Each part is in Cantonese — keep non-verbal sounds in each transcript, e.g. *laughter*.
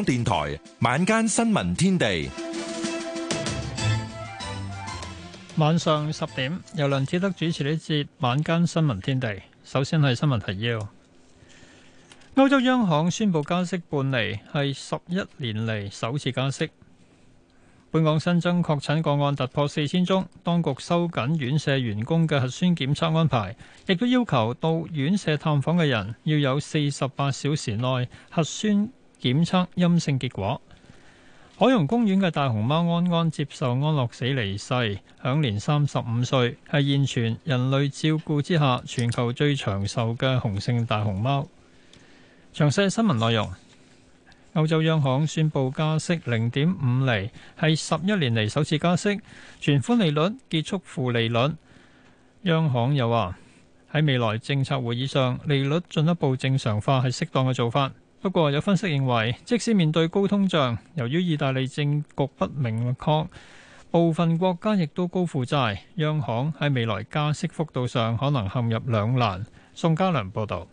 香港電台晚間新聞天地，晚上十點由梁志德主持呢節晚間新聞天地。首先係新聞提要：歐洲央行宣布加息半厘，係十一年嚟首次加息。本港新增確診個案突破四千宗，當局收緊院舍員工嘅核酸檢測安排，亦都要求到院舍探訪嘅人要有四十八小時內核酸，檢測陰性結果，海洋公園嘅大熊貓安安接受安樂死離世，享年三十五歲，係現存人類照顧之下全球最長壽嘅雄性大熊貓。詳細新聞內容，歐洲央行宣布加息零點五厘，係十一年嚟首次加息，存款利率結束負利率。央行又話喺未來政策會議上，利率進一步正常化係適當嘅做法。不過有分析認為，即使面對高通脹，由於意大利政局不明確，部分國家亦都高負債，央行喺未來加息幅度上可能陷入兩難。宋家良報導，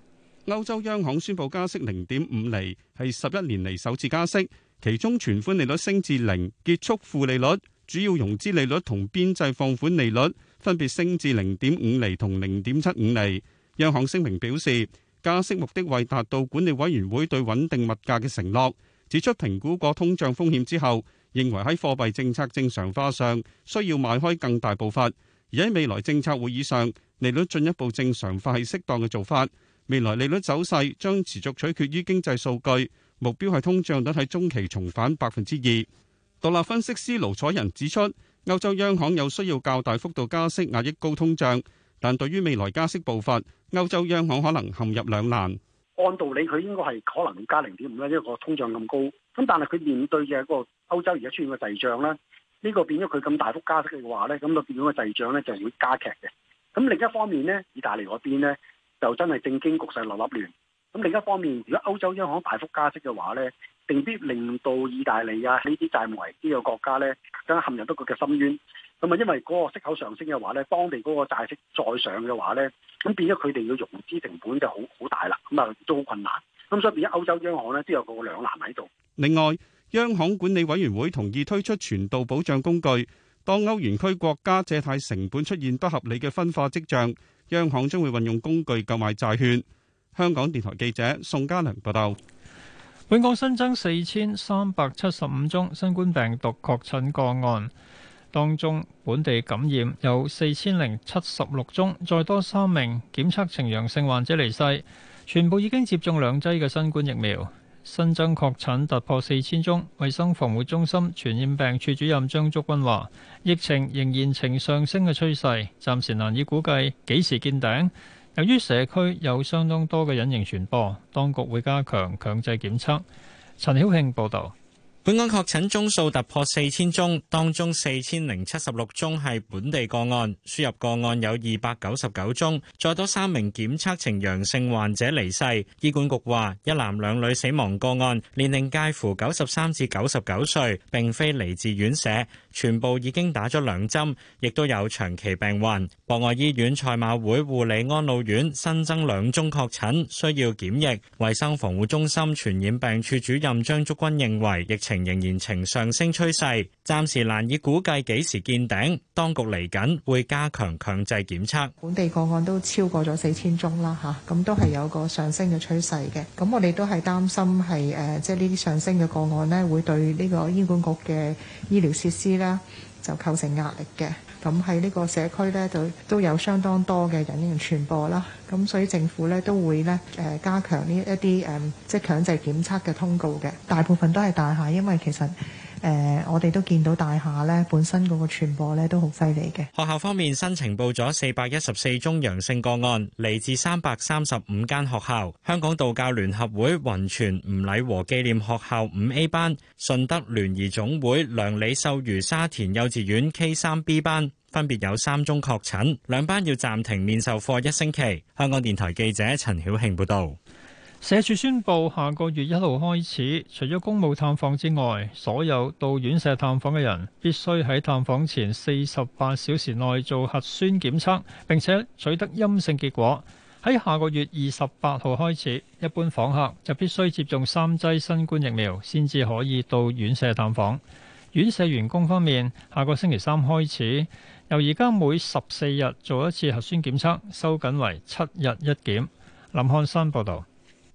歐洲央行宣布加息零點五厘，係十一年嚟首次加息，其中存款利率升至零，結束負利率；主要融資利率同邊際放款利率分別升至零點五厘同零點七五厘。央行聲明表示。加息目的為達到管理委員會對穩定物價嘅承諾，指出評估過通脹風險之後，認為喺貨幣政策正常化上需要邁開更大步伐，而喺未來政策會議上，利率進一步正常化係適當嘅做法。未來利率走勢將持續取決於經濟數據，目標係通脹率喺中期重返百分之二。獨立分析師盧彩仁指出，歐洲央行有需要較大幅度加息壓抑高通脹。但對於未來加息步伐，歐洲央行可能陷入兩難。按道理佢應該係可能會加零點五啦，因為一個通脹咁高。咁但係佢面對嘅一個歐洲而家出現嘅滯脹啦，呢、呢個變咗佢咁大幅加息嘅話咧，咁就變咗個滯脹咧就會加劇嘅。咁另一方面咧，意大利嗰邊咧就真係正經局勢立立亂。咁另一方面，如果歐洲央行大幅加息嘅話咧，定必令到意大利啊，呢啲債務危機嘅國家咧，更加陷入到佢嘅深淵。咁啊，因為嗰個息口上升嘅話呢，當地嗰個債息再上嘅話呢，咁變咗佢哋嘅融資成本就好好大啦，咁啊都好困難。咁所以變咗歐洲央行呢，都有個兩難喺度。另外，央行管理委員會同意推出全度保障工具，當歐元區國家借貸成本出現不合理嘅分化跡象，央行將會運用工具購買債券。香港電台記者宋家良報道。本港新增四千三百七十五宗新冠病毒確診個案。當中本地感染有四千零七十六宗，再多三名檢測呈陽性患者離世，全部已經接種兩劑嘅新冠疫苗。新增確診突破四千宗，衛生防護中心傳染病處主任張竹君話：疫情仍然呈上升嘅趨勢，暫時難以估計幾時見頂。由於社區有相當多嘅隱形傳播，當局會加強強制檢測。陳曉慶報導。本港確診宗數突破四千宗，當中四千零七十六宗係本地個案，輸入個案有二百九十九宗。再多三名檢測呈陽性患者離世。醫管局話：一男兩女死亡個案，年齡介乎九十三至九十九歲，並非嚟自院舍，全部已經打咗兩針，亦都有長期病患。博愛醫院、賽馬會護理安老院新增兩宗確診，需要檢疫。衞生防護中心傳染病處主任張竹君認為疫情，仍然呈上升趨勢，暫時難以估計幾時見頂，當局嚟緊會加強強制檢測，本地個案都超過咗四千宗啦，吓，咁都係有個上升嘅趨勢嘅。咁我哋都係擔心係誒，即係呢啲上升嘅個案咧，會對呢個醫管局嘅醫療設施咧就構成壓力嘅。咁喺呢個社區咧，就都有相當多嘅隱形傳播啦。咁所以政府咧都會咧誒加強呢一啲誒即係強制檢測嘅通告嘅。大部分都係大廈，因為其實誒我哋都見到大廈咧本身嗰個傳播咧都好犀利嘅。學校方面，申請報咗四百一十四宗陽性個案，嚟自三百三十五間學校。香港道教聯合會雲泉吳禮和紀念學校五 A 班、順德聯誼總會梁李秀娛沙田幼稚園 K 三 B 班。分別有三宗確診，兩班要暫停面授課一星期。香港電台記者陳曉慶報導，社署宣布下個月一號開始，除咗公務探訪之外，所有到院舍探訪嘅人必須喺探訪前四十八小時內做核酸檢測，並且取得陰性結果。喺下個月二十八號開始，一般訪客就必須接種三劑新冠疫苗，先至可以到院舍探訪。院舍員工方面，下個星期三開始。由而家每十四日做一次核酸檢測，收緊為七日一檢。林漢山報導，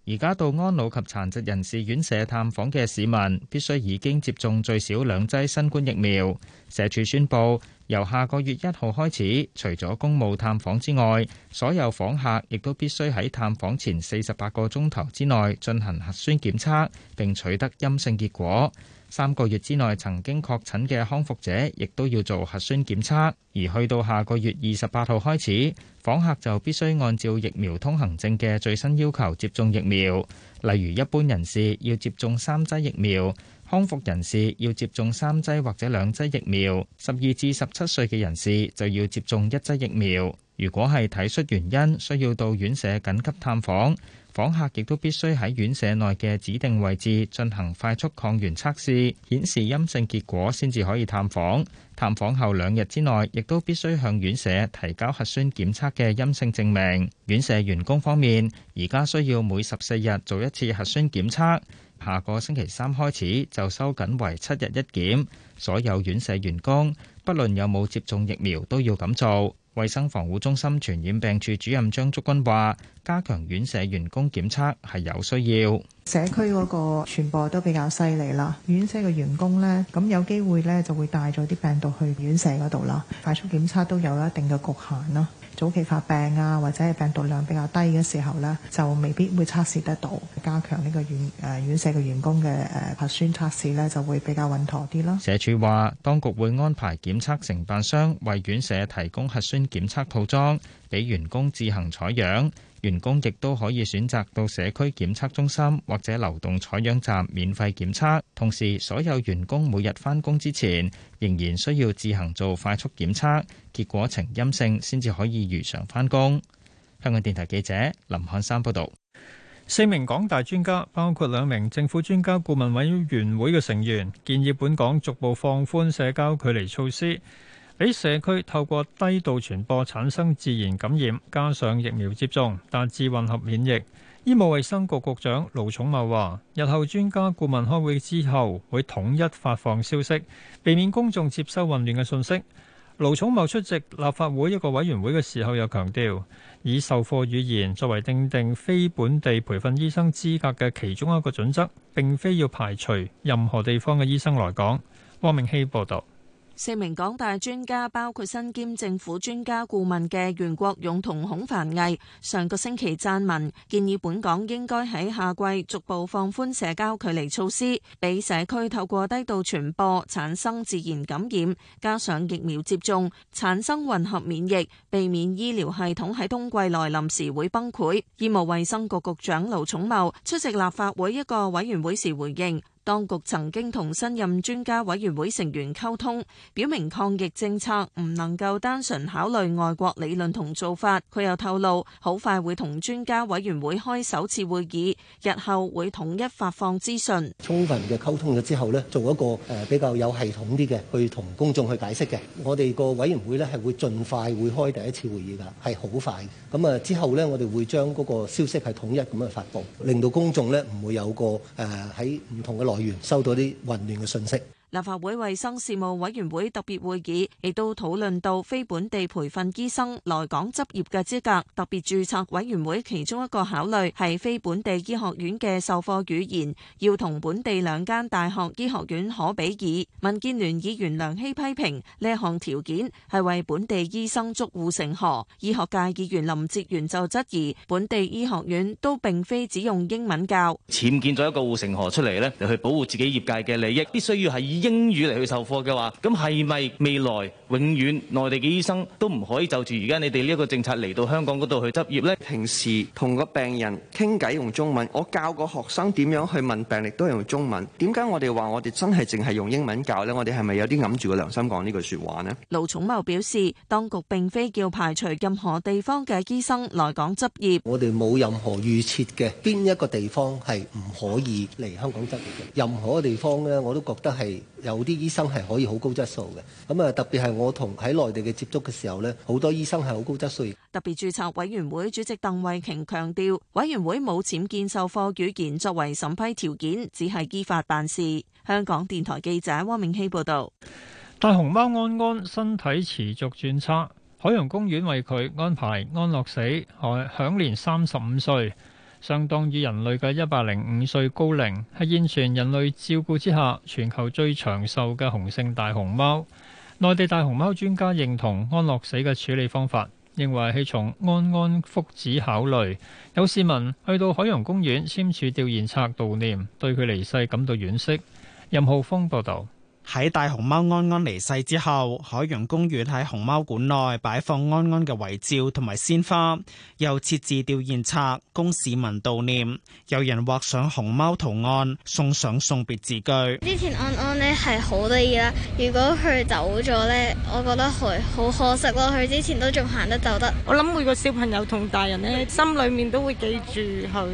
而家到安老及殘疾人士院舍探訪嘅市民，必須已經接種最少兩劑新冠疫苗。社署宣布。由下個月一號開始，除咗公務探訪之外，所有訪客亦都必須喺探訪前四十八個鐘頭之內進行核酸檢測，並取得陰性結果。三個月之內曾經確診嘅康復者，亦都要做核酸檢測。而去到下個月二十八號開始，訪客就必須按照疫苗通行證嘅最新要求接種疫苗，例如一般人士要接種三劑疫苗。康復人士要接種三劑或者兩劑疫苗，十二至十七歲嘅人士就要接種一劑疫苗。如果係體恤原因，需要到院舍緊急探訪。訪客亦都必須喺院舍內嘅指定位置進行快速抗原測試，顯示陰性結果先至可以探訪。探訪後兩日之內，亦都必須向院舍提交核酸檢測嘅陰性證明。院舍員工方面，而家需要每十四日做一次核酸檢測，下個星期三開始就收緊為七日一檢。所有院舍員工，不論有冇接種疫苗，都要咁做。衛生防護中心傳染病處主任張竹君話，加強院舍員工檢測係有需要。社區嗰個傳播都比較犀利啦，院舍嘅員工呢，咁有機會呢就會帶咗啲病毒去院舍嗰度啦。快速檢測都有一定嘅局限啦。早期發病啊，或者係病毒量比較低嘅時候咧，就未必會測試得到。加強呢個院誒、呃、院舍嘅員工嘅誒核酸測試咧，就會比較穩妥啲啦。社署話，當局會安排檢測承辦商為院舍提供核酸檢測套裝，俾員工自行採樣。員工亦都可以選擇到社區檢測中心或者流動採樣站免費檢測，同時所有員工每日返工之前仍然需要自行做快速檢測，結果呈陰性先至可以如常返工。香港電台記者林漢山報導。四名港大專家，包括兩名政府專家顧問委員會嘅成員，建議本港逐步放寬社交距離措施。喺社區透過低度傳播產生自然感染，加上疫苗接種達致混合免疫。醫務衛生局局長盧寵茂話，日後專家顧問開會之後，會統一發放消息，避免公眾接收混亂嘅信息。盧寵茂出席立法會一個委員會嘅時候，又強調，以授課語言作為定定非本地培訓醫生資格嘅其中一個準則，並非要排除任何地方嘅醫生來講。汪明熙報導。四名港大專家，包括身兼政府專家顧問嘅袁國勇同孔凡毅，上個星期撰文建議本港應該喺夏季逐步放寬社交距離措施，俾社區透過低度傳播產生自然感染，加上疫苗接種產生混合免疫，避免醫療系統喺冬季來臨時會崩潰，醫務衛生局局長盧寵茂出席立法會一個委員會時回應。當局曾經同新任專家委員會成員溝通，表明抗疫政策唔能夠單純考慮外國理論同做法。佢又透露，好快會同專家委員會開首次會議，日後會統一發放資訊。充分嘅溝通咗之後呢，做一個誒，比較有系統啲嘅，去同公眾去解釋嘅。我哋個委員會呢，係會盡快會開第一次會議㗎，係好快。咁啊之後呢，我哋會將嗰個消息係統一咁去發布，令到公眾呢唔會有個誒喺唔同嘅落。來源收到啲混亂嘅信息。立法會衛生事務委員會特別會議亦都討論到非本地培訓醫生來港執業嘅資格，特別註冊委員會其中一個考慮係非本地醫學院嘅授課語言要同本地兩間大學醫學院可比擬。民建聯議員梁希批評呢項條件係為本地醫生捉護城河。醫學界議員林哲元就質疑本地醫學院都並非只用英文教，僭建咗一個護城河出嚟呢就去保護自己業界嘅利益，必須要係以。英語嚟去授課嘅話，咁係咪未來永遠內地嘅醫生都唔可以就住而家你哋呢一個政策嚟到香港嗰度去執業咧？平時同個病人傾偈用中文，我教個學生點樣去問病歷都係用中文。點解我哋話，我哋真係淨係用英文教咧？我哋係咪有啲揞住個良心講呢句說話咧？盧寵茂表示，當局並非叫排除任何地方嘅醫生來港執業，我哋冇任何預設嘅邊一個地方係唔可以嚟香港執業嘅。任何地方咧，我都覺得係。有啲醫生係可以好高質素嘅，咁啊特別係我同喺內地嘅接觸嘅時候咧，好多醫生係好高質素。特別註冊委員會主席鄧惠瓊強調，委員會冇僭建授課語言作為審批條件，只係依法辦事。香港電台記者汪明熙報導。大熊貓安安身體持續轉差，海洋公園為佢安排安樂死，享年三十五歲。相當於人類嘅一百零五歲高齡，係現存人類照顧之下全球最長壽嘅雄性大熊貓。內地大熊貓專家認同安樂死嘅處理方法，認為係從安安福祉考慮。有市民去到海洋公園簽署吊唁冊悼念，對佢離世感到惋惜。任浩峰報導。喺大熊貓安安離世之後，海洋公園喺熊貓館內擺放安安嘅遺照同埋鮮花，又設置弔唁冊供市民悼念。有人畫上熊貓圖案，送上送別字句。之前安安咧係好得意啦，如果佢走咗咧，我覺得佢好可惜咯。佢之前都仲行得走得。我諗每個小朋友同大人咧，心裏面都會記住佢好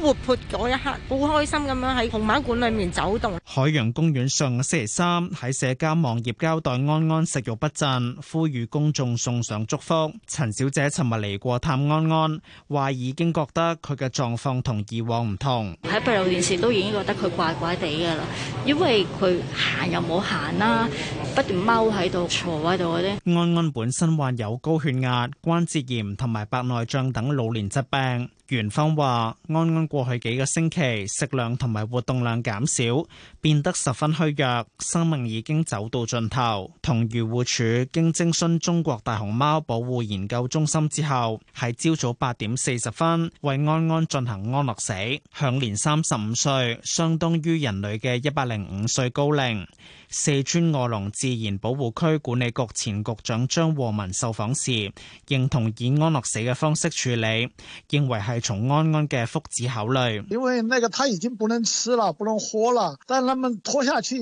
活潑嗰一刻，好開心咁樣喺熊貓館裏面走動。海洋公園上個星期三，喺社交網頁交代安安食慾不振，呼籲公眾送上祝福。陳小姐尋日嚟過探安安，話已經覺得佢嘅狀況同以往唔同。喺閉路電視都已經覺得佢怪怪地㗎喇，因為佢行又冇行啦，不斷踎喺度坐喺度啲。安安本身患有高血壓、關節炎同埋白內障等老年疾病。園方話：安安過去幾個星期食量同埋活動量減少，變得十分虛弱，生命已經走到盡頭。同漁護署經徵詢中國大熊貓保護研究中心之後，喺朝早八點四十分為安安進行安樂死，享年三十五歲，相當於人類嘅一百零五歲高齡。四川卧龍自然保護區管理局前局長張和民受訪時，認同以安樂死嘅方式處理，認為係從安安嘅福祉考慮。因為那個他已經不能吃了，不能喝了，但他們拖下去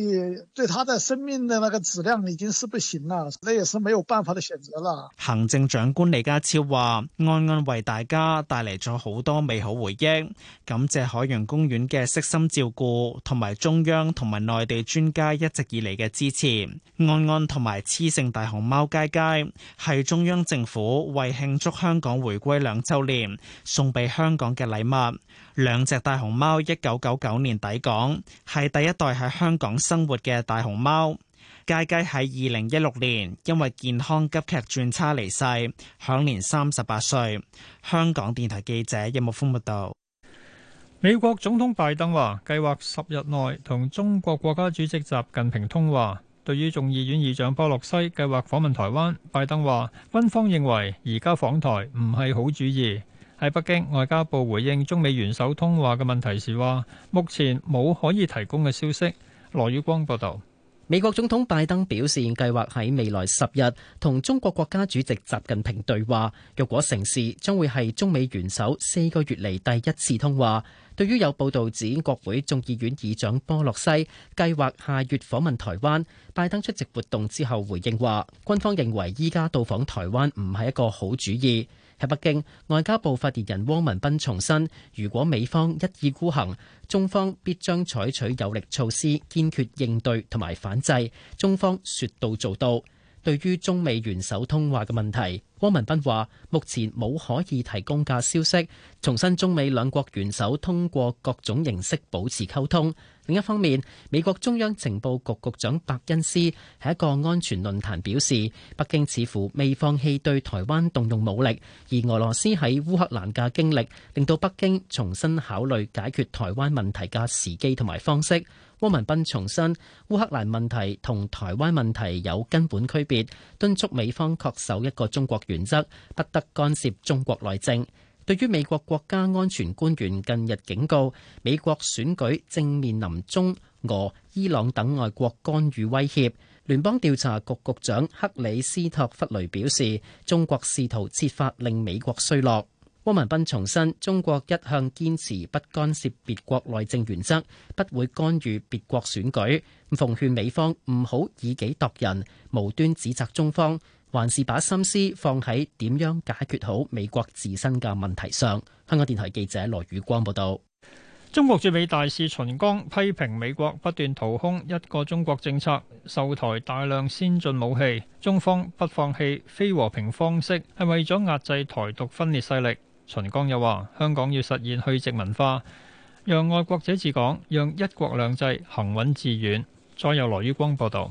對他的生命的那個質量已經是不行啦，那也是沒有辦法的選擇啦。行政長官李家超話：安安為大家帶嚟咗好多美好回憶，感謝海洋公園嘅悉心照顧，同埋中央同埋內地專家一直以嚟嘅支持。安安同埋雌性大熊貓佳佳係中央政府為慶祝香港回歸兩周年送俾香港嘅禮物。兩隻大熊貓一九九九年抵港，係第一代喺香港生活嘅大熊貓。佳佳喺二零一六年因為健康急劇轉差離世，享年三十八歲。香港電台記者葉木風報道。美國總統拜登話，計劃十日內同中國國家主席習近平通話。對於眾議院議長波洛西計劃訪問台灣，拜登話，軍方認為而家訪台唔係好主意。喺北京，外交部回應中美元首通話嘅問題時話，目前冇可以提供嘅消息。羅宇光報道。美國總統拜登表示，計劃喺未來十日同中國國家主席習近平對話。若果成事，將會係中美元首四個月嚟，第一次通話。對於有報道指國會眾議院議長波洛西計劃下月訪問台灣，拜登出席活動之後回應話：軍方認為依家到訪台灣唔係一個好主意。喺北京，外交部發言人汪文斌重申，如果美方一意孤行，中方必將採取有力措施，堅決應對同埋反制。中方說到做到。對於中美元首通話嘅問題，汪文斌話：目前冇可以提供嘅消息。重申中美兩國元首通過各種形式保持溝通。另一方面，美國中央情報局局長伯恩斯喺一個安全論壇表示，北京似乎未放棄對台灣動用武力，而俄羅斯喺烏克蘭嘅經歷令到北京重新考慮解決台灣問題嘅時機同埋方式。汪文斌重申，烏克蘭問題同台灣問題有根本區別，敦促美方恪守一個中國原則，不得干涉中國內政。對於美國國家安全官員近日警告，美國選舉正面臨中俄伊朗等外國干預威脅，聯邦調查局局長克里斯托弗雷表示，中國試圖設法令美國衰落。汪文斌重申，中國一向堅持不干涉別國內政原則，不會干預別國選舉，奉勸美方唔好以己度人，無端指責中方，還是把心思放喺點樣解決好美國自身嘅問題上。香港電台記者羅宇光報道。中國駐美大使秦剛批評美國不斷掏空一個中國政策，售台大量先進武器，中方不放棄非和平方式，係為咗壓制台獨分裂勢力。秦剛又話：香港要實現去殖民化，讓愛國者治港，讓一國兩制行穩致遠。再有羅宇光報導。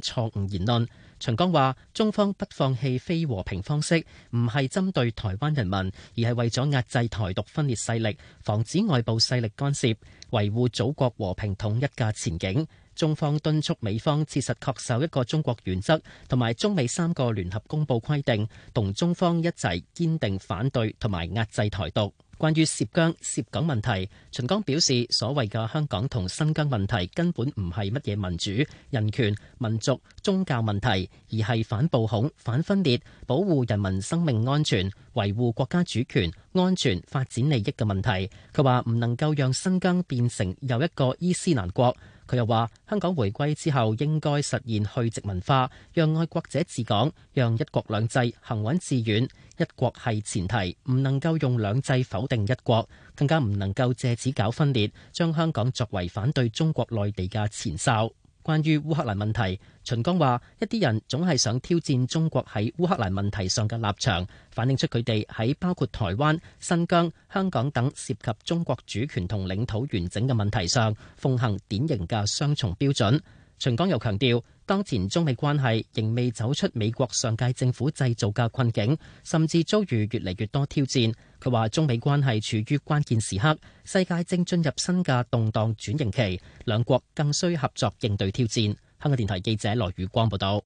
錯誤言論，秦剛話：中方不放棄非和平方式，唔係針對台灣人民，而係為咗壓制台獨分裂勢力，防止外部勢力干涉，維護祖國和平統一嘅前景。中方敦促美方切實恪守一個中國原則，同埋中美三個聯合公報規定，同中方一齊堅定反對同埋壓制台獨。關於涉疆涉港問題，秦剛表示，所謂嘅香港同新疆問題根本唔係乜嘢民主、人權、民族、宗教問題，而係反暴恐、反分裂、保護人民生命安全、維護國家主權、安全、發展利益嘅問題。佢話唔能夠讓新疆變成又一個伊斯蘭國。佢又話：香港回歸之後應該實現去殖文化，讓愛國者治港，讓一國兩制行穩致遠。一國係前提，唔能夠用兩制否定一國，更加唔能夠借此搞分裂，將香港作為反對中國內地嘅前哨。關於烏克蘭問題，秦剛話，一啲人總係想挑戰中國喺烏克蘭問題上嘅立場，反映出佢哋喺包括台灣、新疆、香港等涉及中國主權同領土完整嘅問題上奉行典型嘅雙重標準。秦剛又強調，當前中美關係仍未走出美國上屆政府製造嘅困境，甚至遭遇越嚟越多挑戰。佢話：中美關係處於關鍵時刻，世界正進入新嘅動盪轉型期，兩國更需合作應對挑戰。香港電台記者羅宇光報道。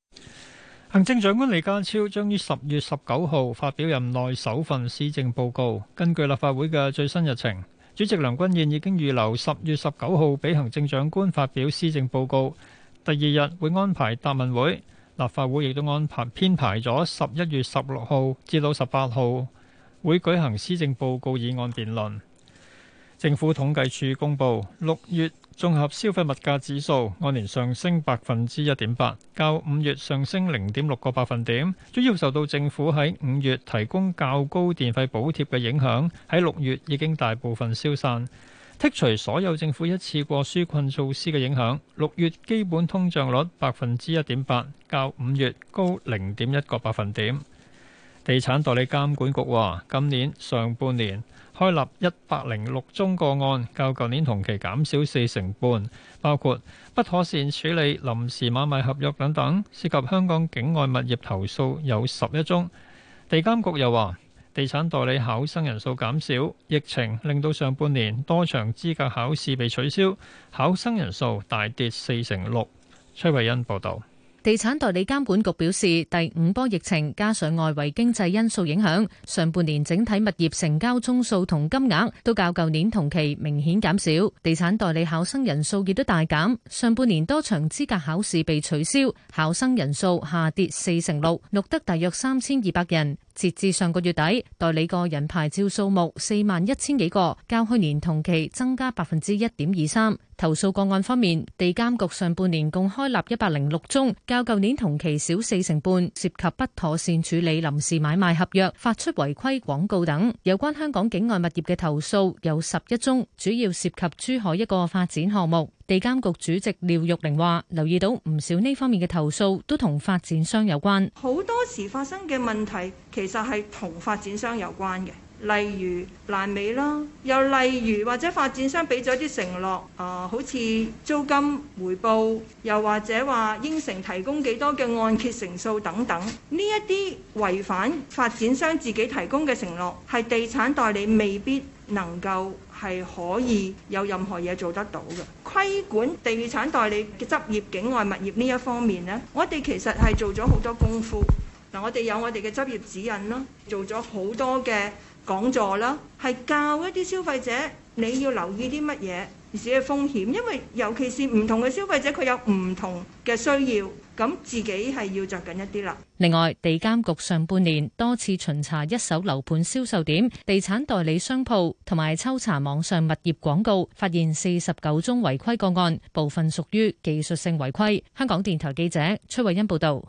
行政長官李家超將於十月十九號發表任內首份施政報告。根據立法會嘅最新日程，主席梁君彥已經預留十月十九號俾行政長官發表施政報告。第二日會安排答問會，立法會亦都安排編排咗十一月十六號至到十八號會舉行施政報告議案辯論。政府統計處公布六月綜合消費物價指數按年上升百分之一點八，較五月上升零點六個百分點，主要受到政府喺五月提供較高電費補貼嘅影響，喺六月已經大部分消散。剔除所有政府一次過紓困措施嘅影響，六月基本通脹率百分之一點八，較五月高零點一個百分點。地產代理監管局話，今年上半年開立一百零六宗個案，較舊年同期減少四成半，包括不妥善處理臨時買賣合約等等，涉及香港境外物業投訴有十一宗。地監局又話。地產代理考生人數減少，疫情令到上半年多場資格考試被取消，考生人數大跌四成六。崔慧欣報道，地產代理監管局表示，第五波疫情加上外圍經濟因素影響，上半年整體物業成交宗數同金額都較舊年同期明顯減少，地產代理考生人數亦都大減，上半年多場資格考試被取消，考生人數下跌四成六，錄得大約三千二百人。截至上個月底，代理個人牌照數目四萬一千幾個，較去年同期增加百分之一點二三。投訴個案方面，地監局上半年共開立一百零六宗，較舊年同期少四成半，涉及不妥善處理臨時買賣合約、發出違規廣告等。有關香港境外物業嘅投訴有十一宗，主要涉及珠海一個發展項目。地監局主席廖玉玲話：留意到唔少呢方面嘅投訴都同發展商有關。好多時發生嘅問題其實係同發展商有關嘅，例如爛尾啦，又例如或者發展商俾咗啲承諾，啊、呃，好似租金回報，又或者話應承提供幾多嘅按揭成數等等，呢一啲違反發展商自己提供嘅承諾，係地產代理未必能夠，係可以有任何嘢做得到嘅。規管地產代理嘅執業境外物業呢一方面呢，我哋其實係做咗好多功夫。嗱，我哋有我哋嘅執業指引啦，做咗好多嘅講座啦，係教一啲消費者你要留意啲乜嘢，而且風險，因為尤其是唔同嘅消費者佢有唔同嘅需要。咁自己係要着緊一啲啦。另外，地監局上半年多次巡查一手樓盤銷售點、地產代理商鋪同埋抽查網上物業廣告，發現四十九宗違規個案，部分屬於技術性違規。香港電台記者崔慧欣報道，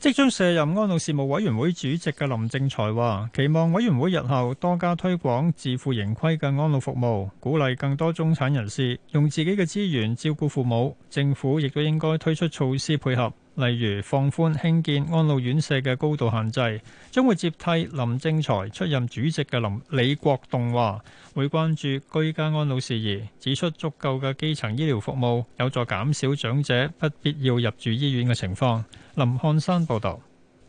即將卸任安老事務委員會主席嘅林正財話：期望委員會日後多加推廣自負盈虧嘅安老服務，鼓勵更多中產人士用自己嘅資源照顧父母。政府亦都應該推出措施配合。例如放寬興建安老院舍嘅高度限制。將會接替林正財出任主席嘅林李國棟話，會關注居家安老事宜，指出足夠嘅基層醫療服務有助減少長者不必要入住醫院嘅情況，林漢山報道。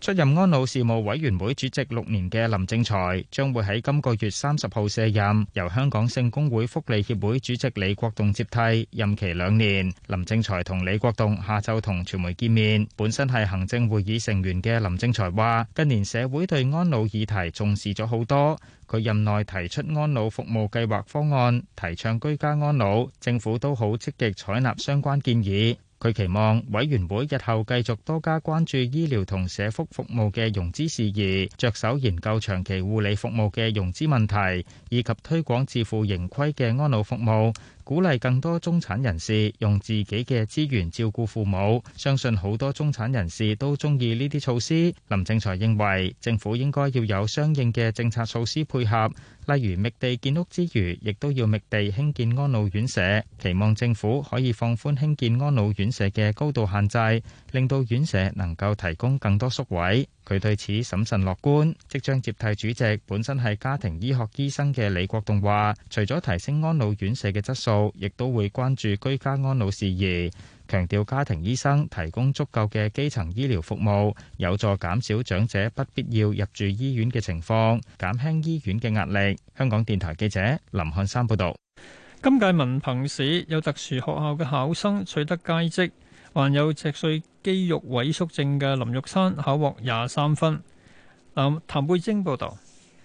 出任安老事務委員會主席六年嘅林正財，將會喺今個月三十號卸任，由香港聖公會福利協會主席李國棟接替，任期兩年。林正財同李國棟下晝同傳媒見面。本身係行政會議成員嘅林正財話，近年社會對安老議題重視咗好多，佢任內提出安老服務計劃方案，提倡居家安老，政府都好積極採納相關建議。佢期望委員會日後繼續多加關注醫療同社福服務嘅融資事宜，着手研究長期護理服務嘅融資問題，以及推廣自負盈虧嘅安老服務。鼓勵更多中產人士用自己嘅資源照顧父母，相信好多中產人士都中意呢啲措施。林正財認為政府應該要有相應嘅政策措施配合，例如覓地建屋之餘，亦都要覓地興建安老院舍，期望政府可以放寬興建安老院舍嘅高度限制，令到院舍能夠提供更多宿位。佢對此審慎樂觀。即將接替主席，本身係家庭醫學醫生嘅李國棟話，除咗提升安老院舍嘅質素，亦都會關注居家安老事宜。強調家庭醫生提供足夠嘅基層醫療服務，有助減少長者不必要入住醫院嘅情況，減輕醫院嘅壓力。香港電台記者林漢山報道：「今屆文憑試有特殊學校嘅考生取得佳績，還有赤稅。肌肉萎縮症嘅林玉山考獲廿三分。南譚佩晶報道。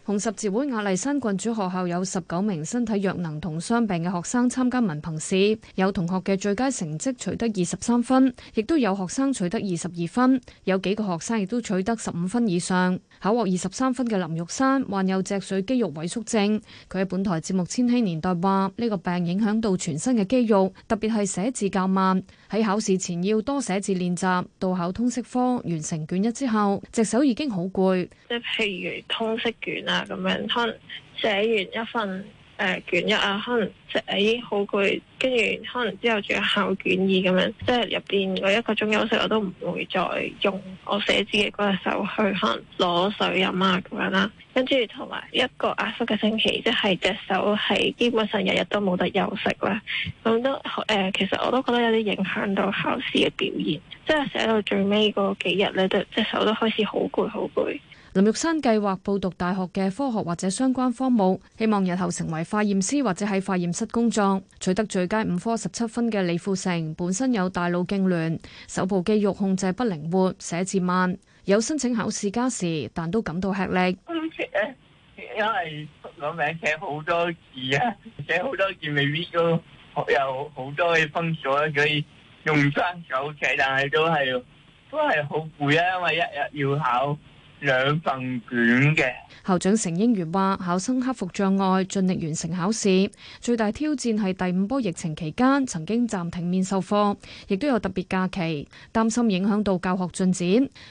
紅十字會雅麗珊郡主學校有十九名身體弱能同傷病嘅學生參加文憑試，有同學嘅最佳成績取得二十三分，亦都有學生取得二十二分，有幾個學生亦都取得十五分以上。考獲二十三分嘅林玉山患有脊髓肌肉萎縮症，佢喺本台節目《千禧年代》話呢個病影響到全身嘅肌肉，特別係寫字較慢。喺考試前要多寫字練習，到考通識科完成卷一之後，隻手已經好攰。即譬如通識卷。啊，咁樣可能寫完一份誒、呃、卷一啊，可能即係好攰，跟住可能之後仲要考卷二咁樣，即係入邊嗰一個鐘休息我都唔會再用我寫字嘅嗰隻手去可能攞水飲啊咁樣啦，跟住同埋一個壓縮嘅星期，即係隻手係基本上日日都冇得休息啦，咁都誒、呃、其實我都覺得有啲影響到考試嘅表現，即係寫到最尾嗰幾日咧，都隻手都開始好攰好攰。林玉山計劃報讀大學嘅科學或者相關科目，希望日後成為化驗師或者喺化驗室工作。取得最佳五科十七分嘅李富成，本身有大腦痙攣，手部肌肉控制不靈活，寫字慢。有申請考試加時，但都感到吃力。工寫咧，因為出咗名寫好多字啊，寫好多字未必都有好多嘅分數，所以用雙手寫，但係都係都係好攰啊，因為一日要考兩份卷嘅校長成英元話，考生克服障礙，盡力完成考試。最大挑戰係第五波疫情期間，曾經暫停面授課，亦都有特別假期，擔心影響到教學進展。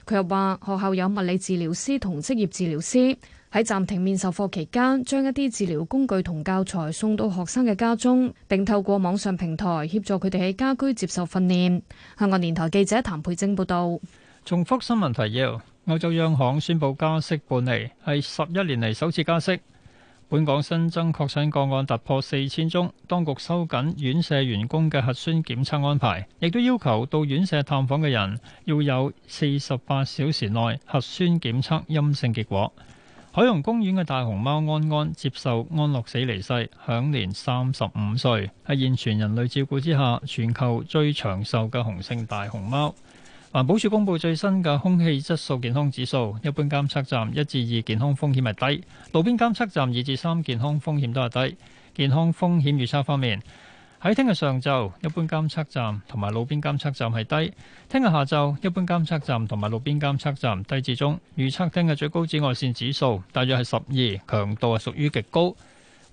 佢又話，學校有物理治療師同職業治療師喺暫停面授課期間，將一啲治療工具同教材送到學生嘅家中，並透過網上平台協助佢哋喺家居接受訓練。香港電台記者譚培正報道。重複新聞提要。歐洲央行宣佈加息半厘，係十一年嚟首次加息。本港新增確診個案突破四千宗，當局收緊院舍員工嘅核酸檢測安排，亦都要求到院舍探訪嘅人要有四十八小時內核酸檢測陰性結果。海洋公園嘅大熊貓安安接受安樂死離世，享年三十五歲，係現存人類照顧之下全球最長壽嘅雄性大熊貓。環保署公布最新嘅空氣質素健康指數，一般監測站一至二健康風險係低，路邊監測站二至三健康風險都係低。健康風險預測方面，喺聽日上晝，一般監測站同埋路邊監測站係低；聽日下晝，一般監測站同埋路邊監測站低至中。預測聽日最高紫外線指數大約係十二，強度係屬於極高。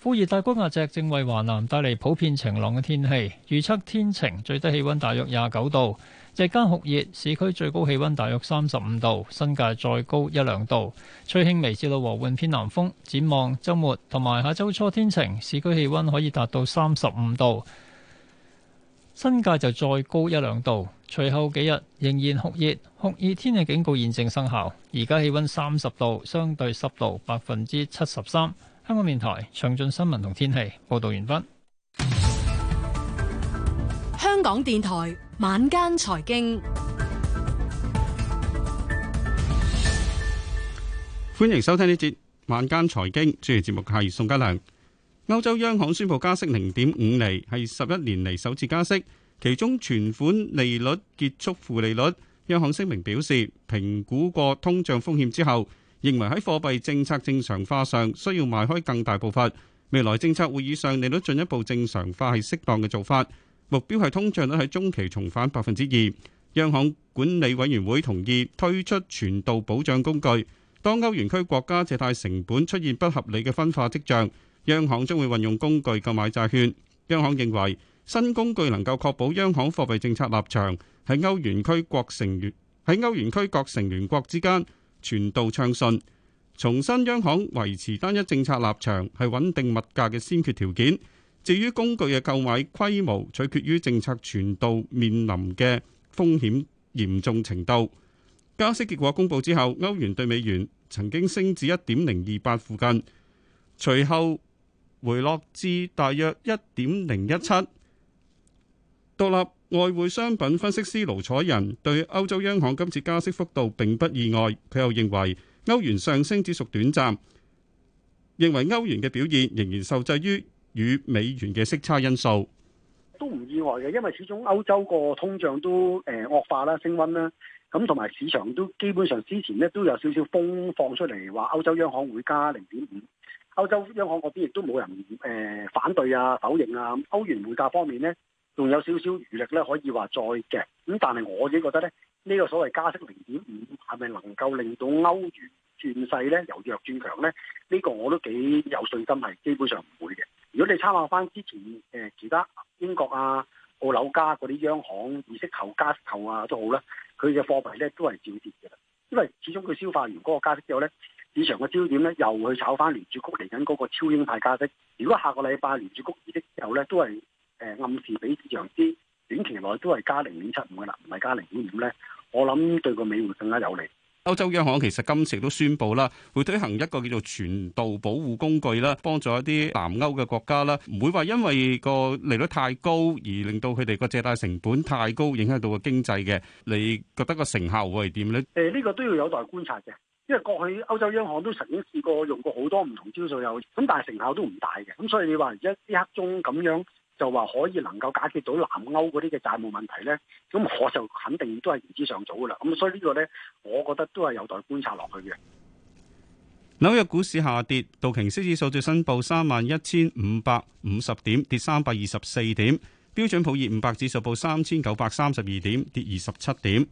副熱帶高壓脊正為華南帶嚟普遍晴朗嘅天氣，預測天晴，最低氣温大約廿九度，日間酷熱，市區最高氣温大約三十五度，新界再高一兩度，吹輕微至到和緩偏南風。展望週末同埋下周初天晴，市區氣温可以達到三十五度，新界就再高一兩度。隨後幾日仍然酷熱，酷熱天氣警告現正生效。而家氣温三十度，相對濕度百分之七十三。香港電台詳盡新聞同天氣報道完畢。香港電台晚間財經，歡迎收聽呢節晚間財經。主持節目係宋嘉良。歐洲央行宣佈加息零點五厘，係十一年嚟首次加息，其中存款利率結束負利率。央行聲明表示，評估過通脹風險之後。認為喺貨幣政策正常化上需要邁開更大步伐，未來政策會議上利率進一步正常化係適當嘅做法。目標係通脹率喺中期重返百分之二。央行管理委員會同意推出全度保障工具，當歐元區國家借貸成本出現不合理嘅分化跡象，央行將會運用工具購買債券。央行認為新工具能夠確保央行貨幣政策立場喺歐元區各成員喺歐元區各成員國之間傳導暢順，重申央行維持單一政策立場係穩定物價嘅先決條件。至於工具嘅購買規模，取決於政策傳導面臨嘅風險嚴重程度。加息結果公佈之後，歐元對美元曾經升至一點零二八附近，隨後回落至大約一點零一七。獨立。外匯商品分析師盧彩仁對歐洲央行今次加息幅度並不意外，佢又認為歐元上升只屬短暫，認為歐元嘅表現仍然受制於與美元嘅息差因素。都唔意外嘅，因為始終歐洲個通脹都誒惡化啦、升温啦，咁同埋市場都基本上之前咧都有少少風放出嚟，話歐洲央行會加零點五，歐洲央行嗰邊亦都冇人誒、呃、反對啊、否認啊，歐元匯價方面呢。仲有少少餘力咧，可以話再嘅。咁但係我自己覺得咧，呢、這個所謂加息零點五係咪能夠令到歐元轉勢咧，由弱轉強咧？呢、這個我都幾有信心係基本上唔會嘅。如果你參考翻之前誒、呃、其他英國啊、澳紐加嗰啲央行議息後加息後啊都好啦，佢嘅貨幣咧都係照跌嘅。因為始終佢消化完嗰個加息之後咧，市場嘅焦點咧又去炒翻聯儲局嚟緊嗰個超鷹派加息。如果下個禮拜聯儲局議息之後咧，都係。誒、嗯，暗示俾市場知，短期內都係加零點七五嘅啦，唔係加零點五咧。我諗對個美匯更加有利。歐洲央行其實今次都宣布啦，會推行一個叫做傳導保護工具啦，幫助一啲南歐嘅國家啦，唔會話因為個利率太高而令到佢哋個借貸成本太高，影響到個經濟嘅。你覺得個成效會係點咧？誒、欸、呢、這個都要有待觀察嘅，因為過去歐洲央行都曾經試過用過好多唔同招數，有咁，但係成效都唔大嘅。咁所以你話一刻鐘咁樣就話可以能夠解決到南歐嗰啲嘅債務問題呢，咁我就肯定都係言之尚早㗎喇。咁所以呢個呢，我覺得都係有待觀察落去嘅。紐約股市下跌，道瓊斯指數最新報三萬一千五百五十點，跌三百二十四點；標準普爾五百指數報三千九百三十二點，跌二十七點。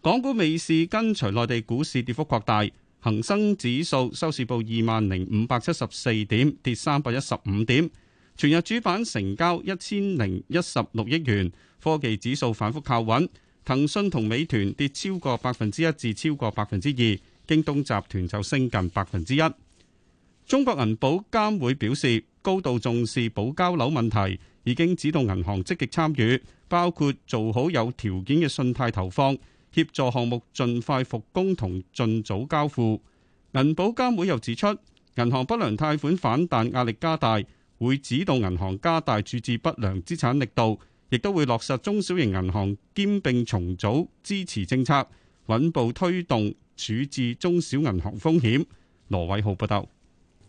港股尾市跟隨內地股市跌幅擴大，恒生指數收市報二萬零五百七十四點，跌三百一十五點。全日主板成交一千零一十六億元，科技指數反覆靠穩，騰訊同美團跌超過百分之一至超過百分之二，京東集團就升近百分之一。中國銀保監會表示高度重視保交樓問題，已經指導銀行積極參與，包括做好有條件嘅信貸投放，協助項目盡快復工同盡早交付。銀保監會又指出，銀行不良貸款反彈壓力加大。會指導銀行加大處置不良資產力度，亦都會落實中小型銀行兼併重組支持政策，穩步推動處置中小銀行風險。羅偉浩報道，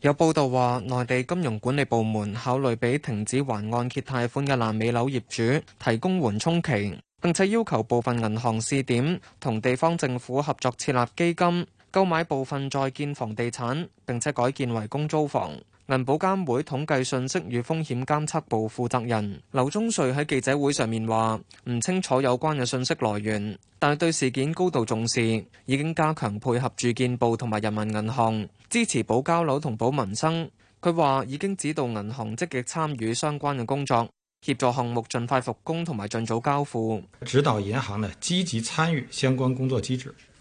有報道話，內地金融管理部門考慮俾停止還按揭貸款嘅爛尾樓業主提供緩衝期，並且要求部分銀行試點同地方政府合作設立基金，購買部分在建房地產，並且改建為公租房。銀保監會統計信息與風險監測部負責人劉忠瑞喺記者會上面話：唔清楚有關嘅信息來源，但對事件高度重視，已經加強配合住建部同埋人民銀行，支持保交樓同保民生。佢話已經指導銀行積極參與相關嘅工作，協助項目盡快復工同埋盡早交付，指導銀行呢積極參與相關工作機制。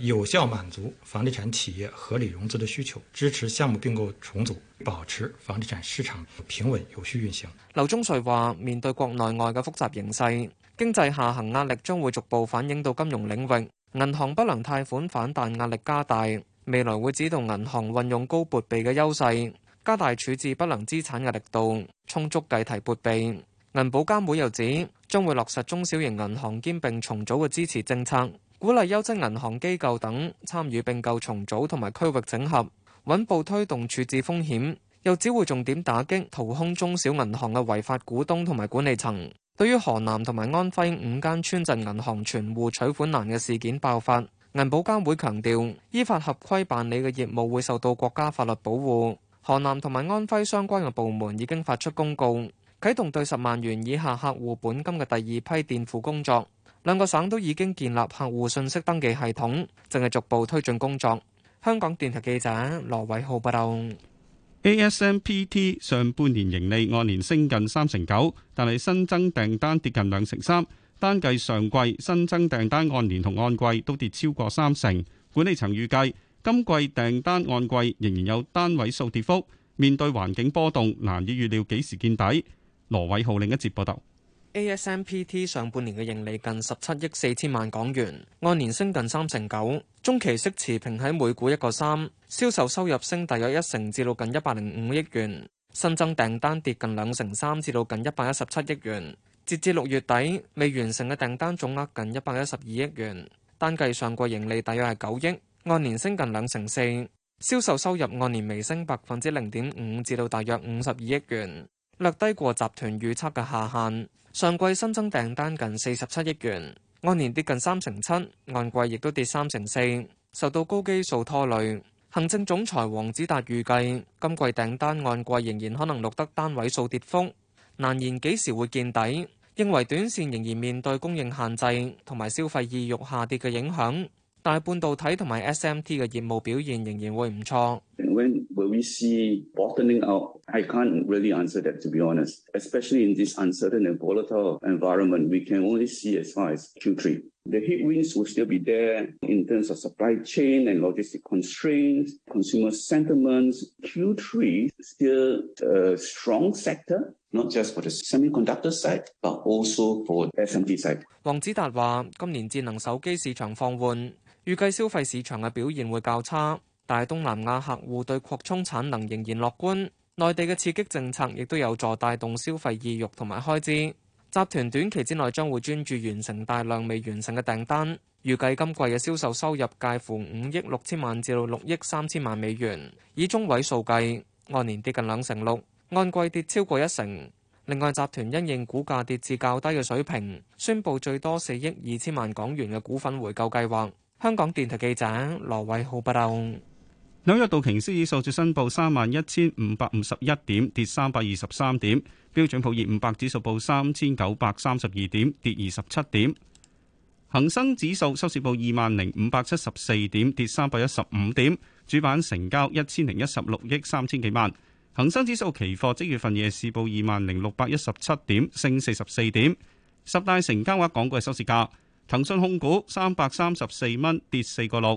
有效滿足房地產企業合理融資的需求，支持項目併購重組，保持房地產市場平穩有序運行。劉忠瑞話，面對國內外嘅複雜形勢，經濟下行壓力將會逐步反映到金融領域，銀行不良貸款反彈壓力加大。未來會指導銀行運用高撥備嘅優勢，加大處置不良資產嘅力度，充足計提撥備。銀保監會又指，將會落實中小型銀行兼併重組嘅支持政策。鼓勵優質銀行機構等參與併購重組同埋區域整合，穩步推動處置風險；又只會重點打擊掏空中小銀行嘅違法股東同埋管理層。對於河南同埋安徽五間村鎮銀行存戶取款難嘅事件爆發，銀保監會強調，依法合規辦理嘅業務會受到國家法律保護。河南同埋安徽相關嘅部門已經發出公告，啟動對十萬元以下客戶本金嘅第二批墊付工作。兩個省都已經建立客戶信息登記系統，正係逐步推進工作。香港電台記者羅偉浩報道。ASMPT 上半年盈利按年升近三成九，但係新增訂單跌近兩成三。單計上季新增訂單按年同按季都跌超過三成。管理層預計今季訂單按季仍然有單位數跌幅。面對環境波動，難以預料幾時見底。羅偉浩另一節報道。ASMPT 上半年嘅盈利近十七億四千萬港元，按年升近三成九。中期息持平喺每股一個三，銷售收入升大約一成，至到近一百零五億元。新增訂單跌近兩成三，至到近一百一十七億元。截至六月底，未完成嘅訂單總額近一百一十二億元。單計上季盈利大約係九億，按年升近兩成四。銷售收入按年微升百分之零點五，至到大約五十二億元，略低過集團預測嘅下限。上季新增訂單近四十七億元，按年跌近三成七，按季亦都跌三成四，受到高基數拖累。行政總裁黃子達預計今季訂單按季仍然可能錄得單位數跌幅，難言幾時會見底，認為短線仍然面對供應限制同埋消費意欲下跌嘅影響。大半導體同埋 SMT 嘅業務表現仍然會唔錯。黃子達話，今年智能手機市場放緩。預計消費市場嘅表現會較差，但係東南亞客戶對擴充產能仍然樂觀。內地嘅刺激政策亦都有助帶動消費意欲同埋開支。集團短期之內將會專注完成大量未完成嘅訂單。預計今季嘅銷售收入介乎五億六千萬至到六億三千萬美元，以中位數計，按年跌近兩成六，按季跌超過一成。另外，集團因應股價跌至較低嘅水平，宣布最多四億二千萬港元嘅股份回購計劃。香港電台記者羅偉浩報道：紐約道瓊斯指數最新報三萬一千五百五十一點，跌三百二十三點；標準普爾五百指數報三千九百三十二點，跌二十七點；恒生指數收市報二萬零五百七十四點，跌三百一十五點；主板成交一千零一十六億三千幾萬；恒生指數期貨即月份夜市報二萬零六百一十七點，升四十四點；十大成交額港股嘅收市價。騰訊控股三百三十四蚊，跌四個六；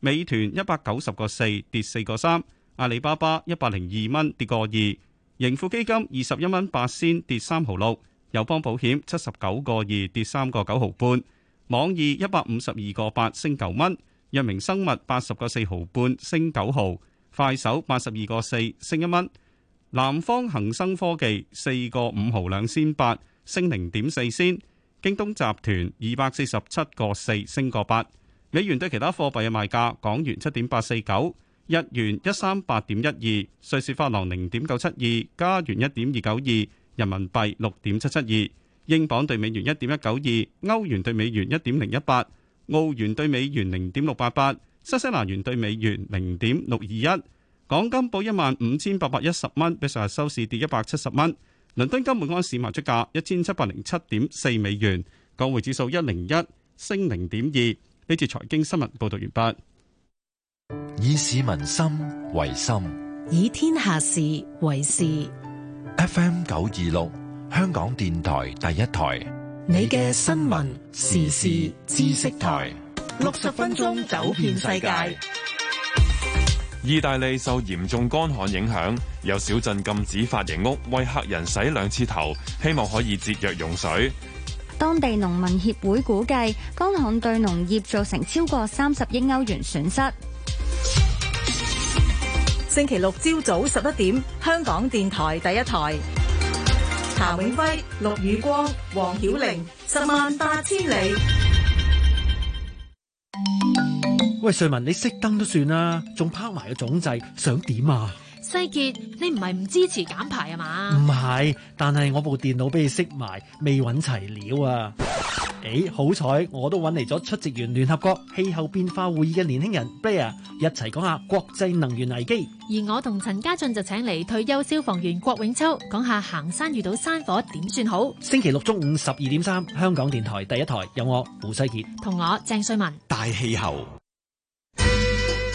美團一百九十個四，跌四個三；阿里巴巴一百零二蚊，跌個二；盈富基金二十一蚊八仙，跌三毫六；友邦保險七十九個二，跌三個九毫半；網易一百五十二個八，升九蚊；藥明生物八十個四毫半，升九毫；快手八十二個四，升一蚊；南方恒生科技四個五毫兩仙八，升零點四仙。京東集團二百四十七個四升個八，美元對其他貨幣嘅賣價：港元七點八四九，日元一三八點一二，瑞士法郎零點九七二，加元一點二九二，人民幣六點七七二，英鎊對美元一點一九二，歐元對美元一點零一八，澳元對美元零點六八八，新西蘭元對美元零點六二一。港金報一萬五千八百一十蚊，比上日收市跌一百七十蚊。倫敦金每安士賣出價一千七百零七點四美元，港匯指數一零一升零點二。呢次財經新聞報道完畢。以市民心為心，以天下事為事。F M 九二六，香港電台第一台，你嘅新聞時事知識台，六十分鐘走遍世界。意大利受嚴重乾旱影響，有小鎮禁止髮型屋為客人洗兩次頭，希望可以節約用水。當地農民協會估計，乾旱對農業造成超過三十億歐元損失。星期六朝早十一點，香港電台第一台。譚永輝、陸雨光、黃曉玲，十萬八千里。喂，瑞文，你熄燈都算啦，仲拋埋個總掣，想點啊？西杰，你唔係唔支持減排啊嘛？唔係，但係我部電腦俾你熄埋，未揾齊料啊！誒、欸，好彩我都揾嚟咗出席完聯合國氣候變化會議嘅年輕人，bear，一齊講下國際能源危機。而我同陳家俊就請嚟退休消防員郭永秋講下行山遇到山火點算好。星期六中午十二點三，3, 香港電台第一台有我胡西杰同我鄭瑞文大氣候。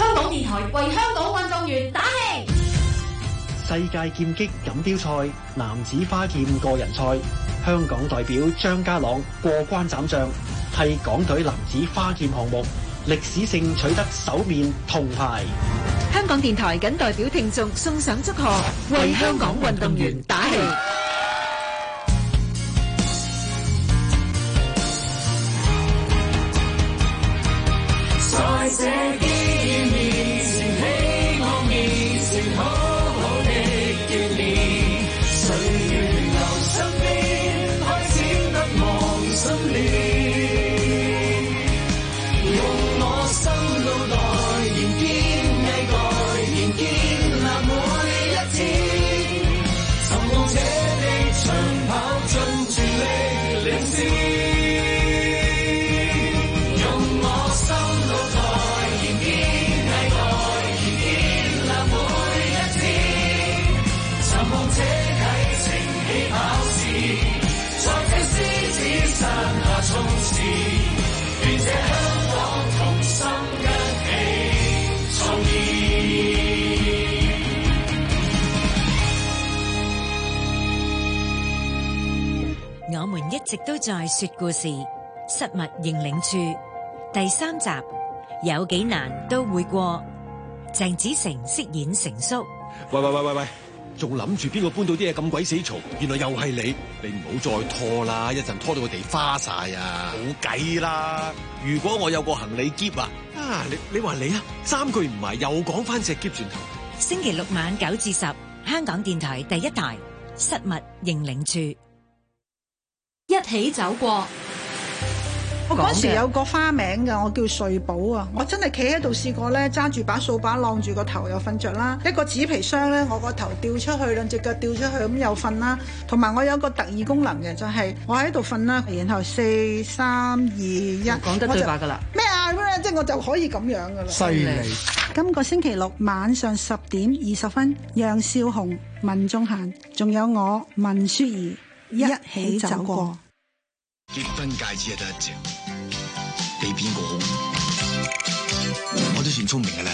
香港電台為香港運動員打氣。世界劍擊錦標賽男子花劍個人賽，香港代表張家朗過關斬將，替港隊男子花劍項目歷史性取得首面銅牌。香港電台謹代表聽眾送上祝賀，為香港運動員打氣。 *music* *music* 一直都在說故事。失物認領處第三集，有幾難都會過。鄭子誠飾演成叔。喂喂喂喂喂！仲諗住邊個搬到啲嘢咁鬼死嘈？原來又係你！你唔好再拖啦，一陣拖到個地花晒啊！冇計啦，如果我有個行李篋啊，啊你你話你啦，三句唔埋又講翻隻篋轉頭。星期六晚九至十，香港電台第一台失物認領處。一起走過。我嗰時有個花名噶，我叫瑞寶啊。我真係企喺度試過咧，揸住把掃把，浪住個頭又瞓着啦。一個紙皮箱咧，我個頭掉出去，兩隻腳掉出去咁又瞓啦。同埋我有個特異功能嘅，就係、是、我喺度瞓啦，然後四三二一，我講得最快噶啦。咩啊？即係、啊、我就可以咁樣噶啦。犀利美！今個星期六晚上十點二十分，楊少紅、文仲賢，仲有我文雪兒。一起走過。結婚戒指係得一隻，俾邊個好？我都算聰明噶啦，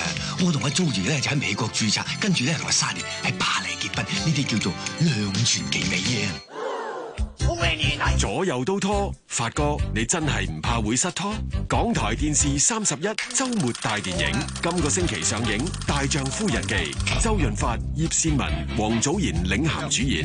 我同阿 Joy 咧就喺美國註冊，跟住咧同阿 Sandy 喺巴黎結婚，呢啲叫做兩全其美啊！左右都拖，發哥你真係唔怕會失拖？港台電視三十一周末大電影，今個星期上映《大丈夫日記》，周潤發、葉倩文、王祖賢領銜主演。